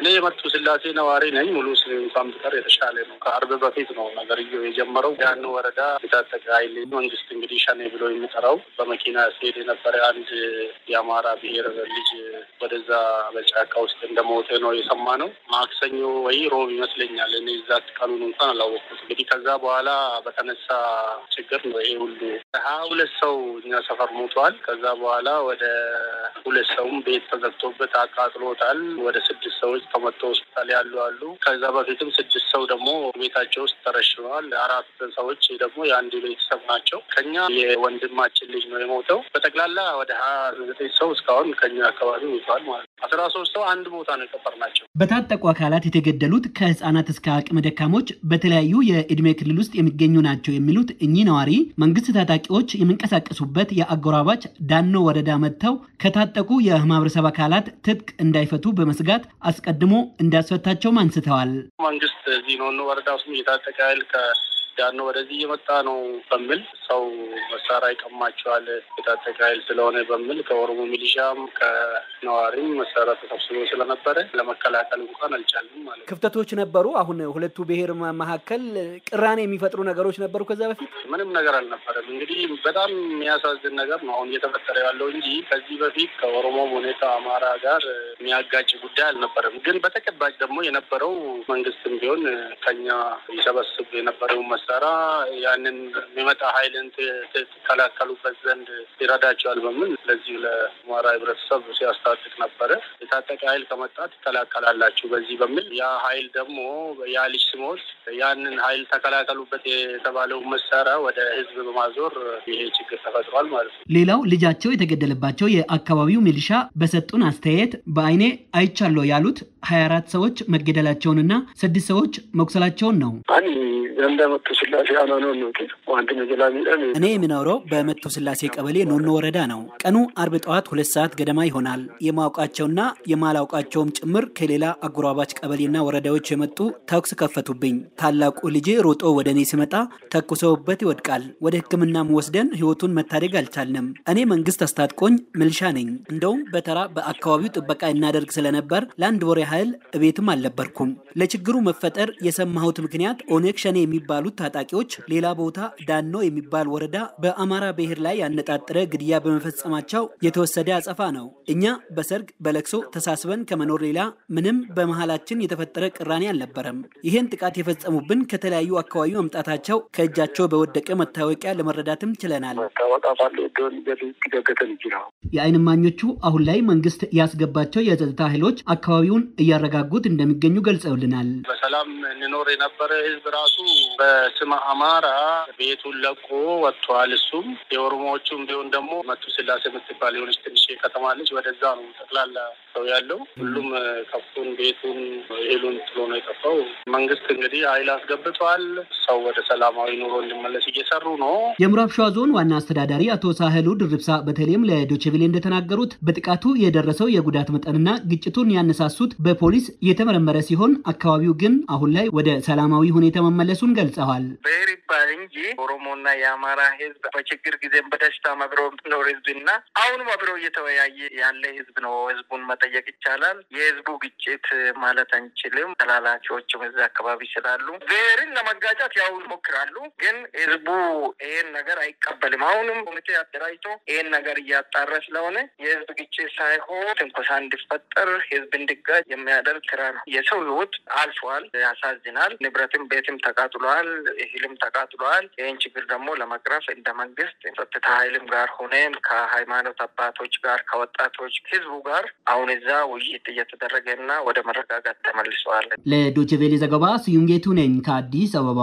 እኔ የመጡ ስላሴ ነዋሪ ነኝ። ሙሉ እንኳን ብቀር የተሻለ ነው። ከአርብ በፊት ነው ነገርየው የጀመረው። ያን ወረዳ የታጠቀ ኃይል መንግስት እንግዲህ ሸኔ ብሎ የሚጠራው በመኪና ሲሄድ የነበረ አንድ የአማራ ብሔር ልጅ ወደዛ በጫካ ውስጥ እንደሞተ ነው የሰማ ነው። ማክሰኞ ወይ ሮብ ይመስለኛል። እኔ እዛ ቀኑን እንኳን አላወቅኩት። እንግዲህ ከዛ በኋላ በተነሳ ችግር ነው ይሄ ሁሉ ሀያ ሁለት ሰው እኛ ሰፈር ሞቷል። ከዛ በኋላ ወደ ሁለት ሰውም ቤት ተዘግቶበት አቃጥሎታል። ወደ ስድስት ሰዎች ተመቶ ሆስፒታል ያሉ አሉ። ከዛ በፊትም ስድስት ሰው ደግሞ ቤታቸው ውስጥ ተረሽነዋል። አራት ሰዎች ደግሞ የአንድ ቤተሰብ ናቸው። ከኛ የወንድማችን ልጅ ነው የሞተው። በጠቅላላ ወደ ሀያ ዘጠኝ ሰው እስካሁን ከኛ አካባቢ ይቷል ማለት ነው። አስራ ሶስት ሰው አንድ ቦታ ነው ናቸው። በታጠቁ አካላት የተገደሉት ከህጻናት እስከ አቅመ ደካሞች በተለያዩ የእድሜ ክልል ውስጥ የሚገኙ ናቸው የሚሉት እኚህ ነዋሪ መንግስት ታጣቂዎች የሚንቀሳቀሱበት የአጎራባች ዳኖ ወረዳ መጥተው ከታጠቁ የማህበረሰብ አካላት ትጥቅ እንዳይፈቱ በመስጋት አስቀድሞ እንዳስፈታቸውም አንስተዋል። መንግስት እዚህ ኖኖ ወረዳ ውስጥ የታጠቀ ኃይል ዳኖ ወደዚህ እየመጣ ነው በሚል ሰው መሳሪያ ይቀማቸዋል የታጠቀ ኃይል ስለሆነ በሚል ከኦሮሞ ሚሊሻም ነዋሪም መሳሪያ ተሰብስቦ ስለነበረ ለመከላከል እንኳን አልቻልም ማለት ነው። ክፍተቶች ነበሩ። አሁን ሁለቱ ብሔር መካከል ቅራኔ የሚፈጥሩ ነገሮች ነበሩ። ከዛ በፊት ምንም ነገር አልነበረም። እንግዲህ በጣም የሚያሳዝን ነገር ነው አሁን እየተፈጠረ ያለው እንጂ ከዚህ በፊት ከኦሮሞ ሁኔታ አማራ ጋር የሚያጋጭ ጉዳይ አልነበረም። ግን በተጨባጭ ደግሞ የነበረው መንግስትም ቢሆን ከኛ ይሰበስብ የነበረውን መሳሪያ ያንን የሚመጣ ኃይልን ትከላከሉበት ዘንድ ይረዳቸዋል በምን ለዚህ ለአማራ ህብረተሰብ ሲያስታ ሲያዋስቅ ነበረ። የታጠቀ ኃይል ከመጣ ትከላከላላችሁ በዚህ በሚል ያ ኃይል ደግሞ ያ ልጅ ስሞት ያንን ኃይል ተከላከሉበት የተባለው መሳሪያ ወደ ህዝብ በማዞር ይሄ ችግር ተፈጥሯል ማለት ነው። ሌላው ልጃቸው የተገደለባቸው የአካባቢው ሚሊሻ በሰጡን አስተያየት በአይኔ አይቻለሁ ያሉት ሀያ አራት ሰዎች መገደላቸውንና ስድስት ሰዎች መቁሰላቸውን ነው። እኔ የምኖረው በመቶ ስላሴ ቀበሌ ኖኖ ወረዳ ነው። ቀኑ አርብ ጠዋት ሁለት ሰዓት ገደማ ይሆናል። የማውቃቸውና የማላውቃቸውም ጭምር ከሌላ አጎራባች ቀበሌና ወረዳዎች የመጡ ተኩስ ከፈቱብኝ። ታላቁ ልጅ ሮጦ ወደ እኔ ሲመጣ ተኩሰውበት ይወድቃል። ወደ ሕክምናም ወስደን ህይወቱን መታደግ አልቻልንም። እኔ መንግስት አስታጥቆኝ ምልሻ ነኝ። እንደውም በተራ በአካባቢው ጥበቃ እናደርግ ስለነበር ለአንድ ወር ያህል እቤትም አልነበርኩም። ለችግሩ መፈጠር የሰማሁት ምክንያት ኦነግ ሸኔ የሚባሉት ታጣቂዎች ሌላ ቦታ ዳኖ የሚባል ወረዳ በአማራ ብሔር ላይ ያነጣጠረ ግድያ በመፈጸማቸው የተወሰደ አጸፋ ነው። እኛ በሰርግ በለቅሶ ተሳስበን ከመኖር ሌላ ምንም በመሀላችን የተፈጠረ ቅራኔ አልነበረም። ይህን ጥቃት የፈጸሙብን ከተለያዩ አካባቢ መምጣታቸው ከእጃቸው በወደቀ መታወቂያ ለመረዳትም ችለናል። የአይን እማኞቹ አሁን ላይ መንግስት ያስገባቸው የጸጥታ ኃይሎች አካባቢውን እያረጋጉት እንደሚገኙ ገልጸውልናል። በሰላም እንኖር የነበረ ህዝብ ራሱ በስመ አማራ ቤቱን ለቆ ወጥቷል። እሱም የኦሮሞዎቹም ቢሆን ደግሞ መቱ ስላሴ የምትባል የሆነች ትንሽ ከተማለች ወደዛ ነው ጠቅላላ ሰው ያለው። ሁሉም ከብቱን፣ ቤቱን፣ እህሉን ጥሎ ነው የጠፋው። መንግስት እንግዲህ ኃይል አስገብቷል። ሰው ወደ ሰላማዊ ኑሮ እንዲመለስ እየሰሩ ነው። የምዕራብ ሸዋ ዞን ዋና አስተዳዳሪ አቶ ሳህሉ ድርብሳ በተለይም ለዶችቪሌ እንደተናገሩት በጥቃቱ የደረሰው የጉዳት መጠንና ግጭቱን ያነሳሱት በፖሊስ የተመረመረ ሲሆን አካባቢው ግን አሁን ላይ ወደ ሰላማዊ ሁኔታ መመለሱን ገልጸዋል። ብሔር ይባል እንጂ ኦሮሞና የአማራ ህዝብ በችግር ጊዜም በደስታ አብሮ የሚኖር ህዝብና አሁንም አብረው እየተወያየ ያለ ህዝብ ህዝብ ነው። ህዝቡን መጠየቅ ይቻላል። የህዝቡ ግጭት ማለት አንችልም። ተላላኪዎችም እዚ አካባቢ ስላሉ ብሔርን ለመጋጫት ያው ይሞክራሉ። ግን ህዝቡ ይሄን ነገር አይቀበልም። አሁንም ኮሚቴ አደራጅቶ ይሄን ነገር እያጣረ ስለሆነ የህዝብ ግጭት ሳይሆን ትንኮሳ እንዲፈጠር ህዝብ እንዲጋጭ የሚያደርግ ስራ ነው። የሰው ህይወት አልፏል። ያሳዝናል። ንብረትም ቤትም ተቃጥሏል፣ እህልም ተቃጥሏል። ይህን ችግር ደግሞ ለመቅረፍ እንደ መንግስት ጸጥታ ኃይልም ጋር ሆነን ከሃይማኖት አባቶች ጋር ከወጣቶች ህዝቡ ጋር አሁን እዛ ውይይት እየተደረገ እና ወደ መረጋጋት ተመልሰዋል። ለዶችቬሌ ዘገባ ስዩም ጌቱ ነኝ ከአዲስ አበባ።